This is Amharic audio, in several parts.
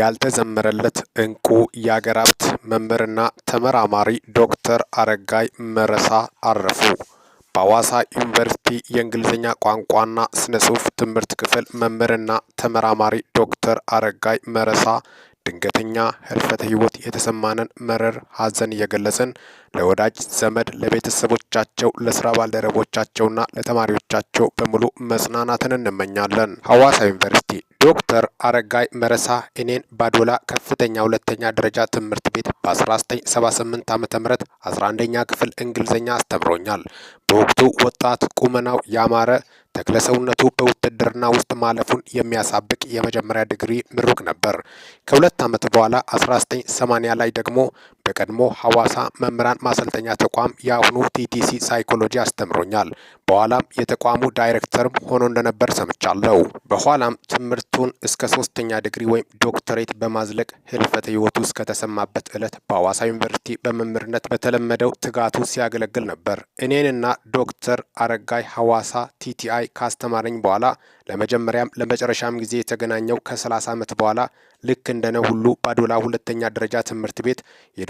ያልተዘመረለት እንቁ የአገር ሀብት መምህርና ተመራማሪ ዶክተር አረጋይ መረሳ አረፉ። በአዋሳ ዩኒቨርሲቲ የእንግሊዝኛ ቋንቋና ስነ ጽሑፍ ትምህርት ክፍል መምህርና ተመራማሪ ዶክተር አረጋይ መረሳ ድንገተኛ ህልፈተ ህይወት የተሰማንን መረር ሐዘን እየገለጽን ለወዳጅ ዘመድ፣ ለቤተሰቦቻቸው፣ ለስራ ባልደረቦቻቸውና ለተማሪዎቻቸው በሙሉ መጽናናትን እንመኛለን። ሐዋሳ ዩኒቨርሲቲ ዶክተር አረጋይ መረሳ እኔን ባዶላ ከፍተኛ ሁለተኛ ደረጃ ትምህርት ቤት በ1978 ዓ ም 11ኛ ክፍል እንግሊዝኛ አስተምሮኛል። በወቅቱ ወጣት ቁመናው ያማረ ተክለ ሰውነቱ በውትድርና ውስጥ ማለፉን የሚያሳብቅ የመጀመሪያ ዲግሪ ምሩቅ ነበር። ከሁለት ዓመት በኋላ 1980 ላይ ደግሞ በቀድሞ ሐዋሳ መምህራን ማሰልጠኛ ተቋም የአሁኑ ቲቲሲ ሳይኮሎጂ አስተምሮኛል። በኋላም የተቋሙ ዳይሬክተርም ሆኖ እንደነበር ሰምቻለሁ። በኋላም ትምህርቱን እስከ ሶስተኛ ዲግሪ ወይም ዶክተሬት በማዝለቅ ህልፈተ ህይወቱ እስከተሰማበት ዕለት በሐዋሳ ዩኒቨርሲቲ በመምህርነት በተለመደው ትጋቱ ሲያገለግል ነበር። እኔንና ዶክተር አረጋይ ሐዋሳ ቲቲአይ ካስተማረኝ በኋላ ለመጀመሪያም ለመጨረሻም ጊዜ የተገናኘው ከ30 ዓመት በኋላ ልክ እንደነ ሁሉ ባዶላ ሁለተኛ ደረጃ ትምህርት ቤት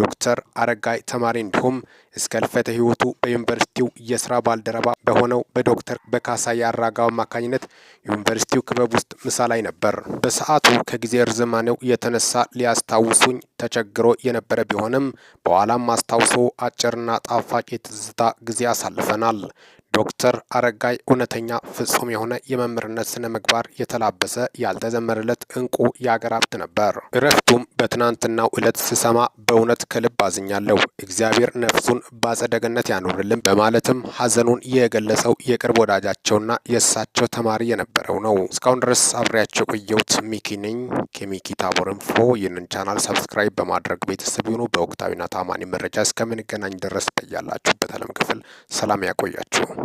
ዶክተር አረጋይ ተማሪ እንዲሁም እስከ ህልፈተ ህይወቱ በዩኒቨርሲቲው የስራ ባልደረባ በሆነው በዶክተር በካሳ የአራጋው አማካኝነት ዩኒቨርሲቲው ክበብ ውስጥ ምሳ ላይ ነበር። በሰዓቱ ከጊዜ ርዝማኔው የተነሳ ሊያስታውሱኝ ተቸግሮ የነበረ ቢሆንም በኋላም አስታውሶ አጭርና ጣፋጭ የትዝታ ጊዜ አሳልፈናል። ዶክተር አረጋይ እውነተኛ ፍጹም የሆነ የመምህርነት ስነ ምግባር የተላበሰ ያልተዘመረለት እንቁ የአገር ሀብት ነበር። እረፍቱም በትናንትናው ዕለት ስሰማ በእውነት ከልብ አዝኛለሁ፣ እግዚአብሔር ነፍሱን በአጸደ ገነት ያኑርልን በማለትም ሀዘኑን የገለጸው የቅርብ ወዳጃቸውና የእሳቸው ተማሪ የነበረው ነው። እስካሁን ድረስ አብሬያቸው ቆየሁት። ሚኪ ነኝ ከሚኪ ታቦር ኢንፎ። ይህንን ቻናል ሰብስክራይብ በማድረግ ቤተሰብ ይሁኑ። በወቅታዊና ታማኒ መረጃ እስከምንገናኝ ድረስ በያላችሁበት ዓለም ክፍል ሰላም ያቆያችሁ።